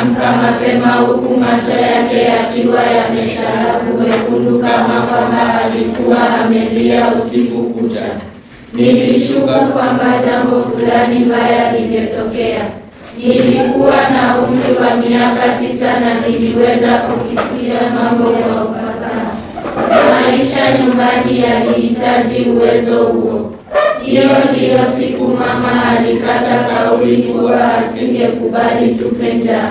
aliamka mapema huku macho yake yakiwa yamesharabu wekundu kama kwamba alikuwa amelia usiku kucha. Nilishuka kwamba jambo fulani mbaya lingetokea. Nilikuwa na umri wa miaka tisa na niliweza kukisia mambo ya ufasaha. Maisha nyumbani yalihitaji uwezo huo. Hiyo ndiyo siku mama alikata kauli kuwa asingekubali tufe njaa.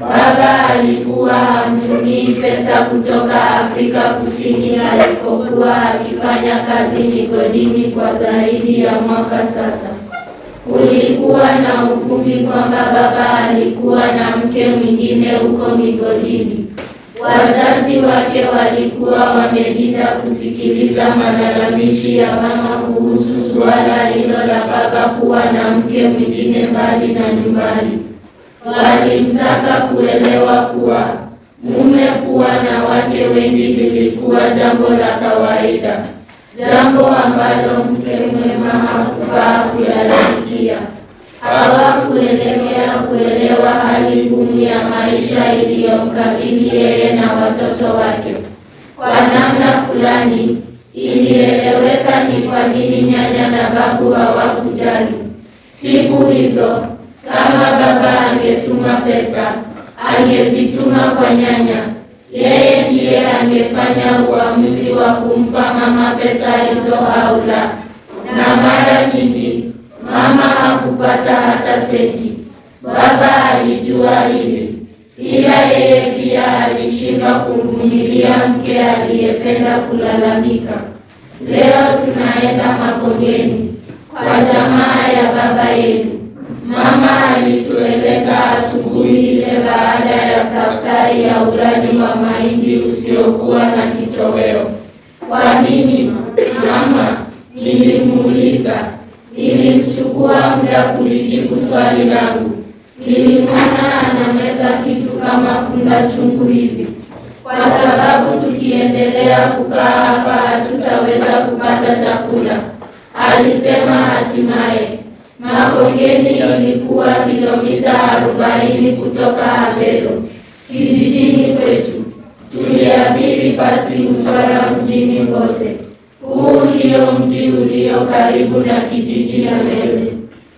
Baba alikuwa hamtumii pesa kutoka Afrika Kusini alikokuwa akifanya kazi migodini kwa zaidi ya mwaka sasa. Kulikuwa na uvumi kwamba baba alikuwa na mke mwingine huko migodini. Wazazi wake walikuwa wamelinda kusikiliza malalamishi ya mama kuhusu suala hilo la baba kuwa na mke mwingine mbali na nyumbani walimtaka kuelewa kuwa mume kuwa na wake wengi lilikuwa jambo la kawaida, jambo ambalo mke mwema hakufaa kulalamikia. Hawakuelekea kuelewa hali ngumu ya maisha iliyomkabili yeye na watoto wake. Kwa namna fulani ilieleweka ni kwa nini nyanya na babu hawakujali siku hizo kama baba angetuma pesa, angezituma kwa nyanya. Yeye ndiye angefanya uamuzi wa kumpa mama pesa hizo au la, na mara nyingi mama hakupata hata senti. Baba alijua hili, ila yeye pia alishindwa kumvumilia mke aliyependa kulalamika. Leo tunaenda Makongeni kwa jamaa ya baba yenu. Mama alitueleza asubuhi ile baada ya saftari ya ugali wa mahindi usiokuwa na kitoweo. Kwa nini mama? Nilimuuliza. Nilimchukua muda kulijibu swali langu. Nilimwona anameza kitu kama funda chungu hivi. Kwa sababu tukiendelea kukaa hapa hatutaweza kupata chakula, alisema hatimaye. Makongeni ilikuwa kilomita arobaini kutoka Abelo kijijini kwetu. Tuliabiri basi Mtwara mjini kote. Huu ndio mji ulio karibu na kijiji na Meru.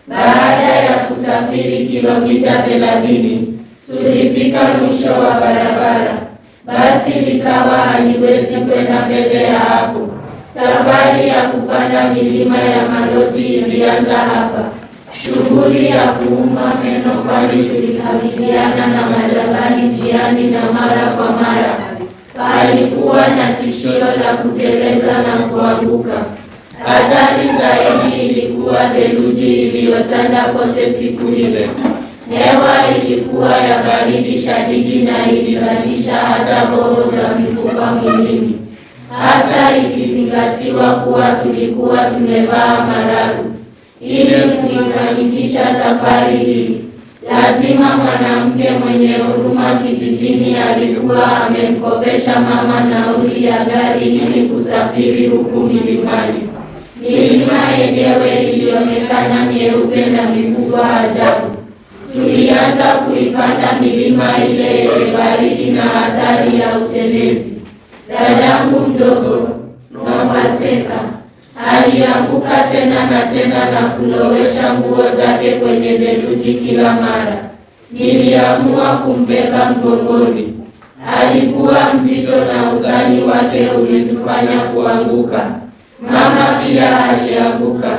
Baada ya kusafiri kilomita thelathini tulifika mwisho wa barabara, basi likawa haliwezi kwenda mbele ya hapo. Safari ya kupanda milima ya Maloti ilianza hapa, shughuli ya kuuma meno, kwani tulikabiliana na majabali njiani na mara kwa mara palikuwa na tishio la kuteleza na kuanguka. Hatari zaidi ilikuwa theluji iliyotanda kote siku ile. Hewa ilikuwa ya baridi shadidi na ilibadilisha hata boho za mifupa mwilini hasa ikizingatiwa kuwa tulikuwa tumevaa mararu. Ili kuifanikisha safari hii, lazima mwanamke mwenye huruma kijijini alikuwa amemkopesha mama nauli ya gari ili kusafiri huku milimani. Milima yenyewe ilionekana nyeupe na mikubwa ajabu. Tulianza kuipanda milima ile yenye baridi na hatari ya utelezi dadangu mdogo, Mwambaseka alianguka tena na tena na kulowesha nguo zake kwenye theluji kila mara. Niliamua kumbeba mgongoni. Alikuwa mzito na uzani wake ulitufanya kuanguka. Mama pia alianguka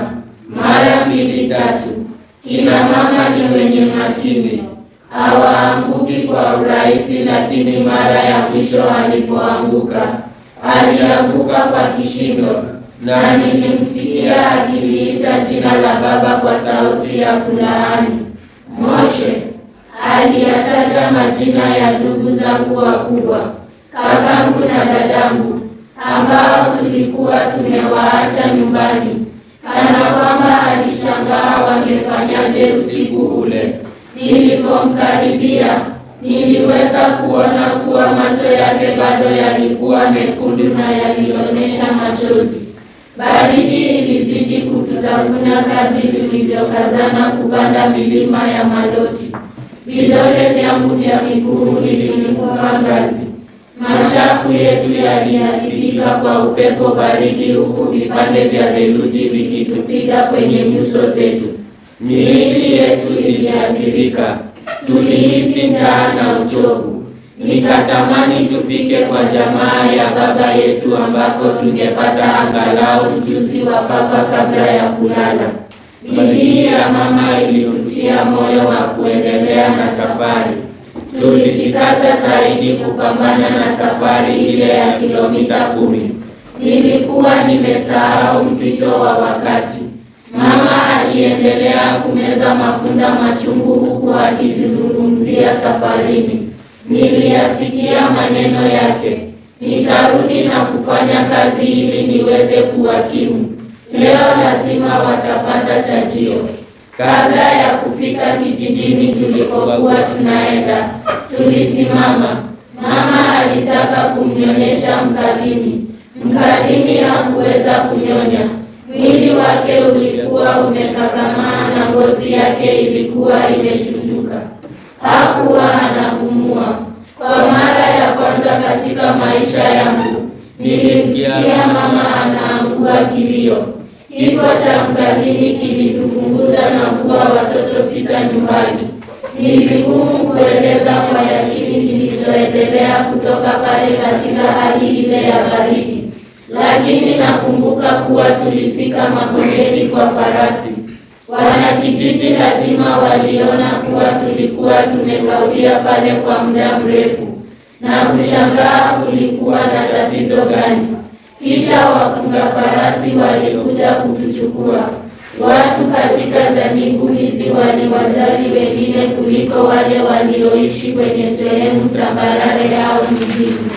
mara mbili tatu. Kina mama ni wenye makini hawaanguki kwa urahisi, lakini mara ya mwisho alipoanguka alianguka kwa kishindo, na nilimsikia akiliita jina la Baba kwa sauti ya kulaani. Moshe aliyataja majina ya ndugu zangu wakubwa, kakangu na dadangu, ambao tulikuwa tumewaacha nyumbani, kana kwamba alishangaa wangefanyaje usiku ule. Nilipomkaribia niliweza kuona kuwa macho yake bado yalikuwa mekundu na yalionyesha machozi. Baridi ilizidi kututafuna kadri tulivyokazana kupanda milima ya Maloti. Vidole vyangu vya miguu vilinikufa ngazi. Mashaku yetu yaliharibika kwa upepo baridi, huku vipande vya theluji vikitupiga kwenye nyuso zetu. Miili yetu iliadhirika tulihisi njaa na uchovu. Nikatamani tufike kwa jamaa ya baba yetu ambako tungepata angalau mchuzi wa papa kabla ya kulala. Bidii ya mama ilitutia moyo wa kuendelea na safari. Tulijikaza zaidi kupambana na safari ile ya kilomita kumi. Nilikuwa nimesahau mpito wa wakati. Mama aliendelea kumeza mafunda machungu huku akizizungumzia safarini. Niliyasikia maneno yake, nitarudi na kufanya kazi ili niweze kuwakimu. Leo lazima watapata chajio. Kabla ya kufika kijijini tulikokuwa tunaenda, tulisimama. Mama alitaka kumnyonyesha Mkadini, Mkadini hakuweza kunyonya. Mwili wake ulikuwa umekakamaa na ngozi yake ilikuwa imechujuka. Hakuwa anapumua. Kwa mara ya kwanza katika maisha yangu nilimsikia mama anaangua kilio. Kifo cha mgadhini kilitufunguza na kuwa watoto sita nyumbani. Ni vigumu kueleza kwa yakini kilichoendelea kutoka pale katika hali ile ya baridi, lakini na kuwa tulifika Magomeni kwa farasi. Wanakijiji lazima waliona kuwa tulikuwa tumekawia pale kwa muda mrefu na kushangaa kulikuwa na tatizo gani. Kisha wafunga farasi walikuja kutuchukua. Watu katika janibu hizi waliwajali wengine kuliko wale walioishi kwenye sehemu tambarare yao mijini.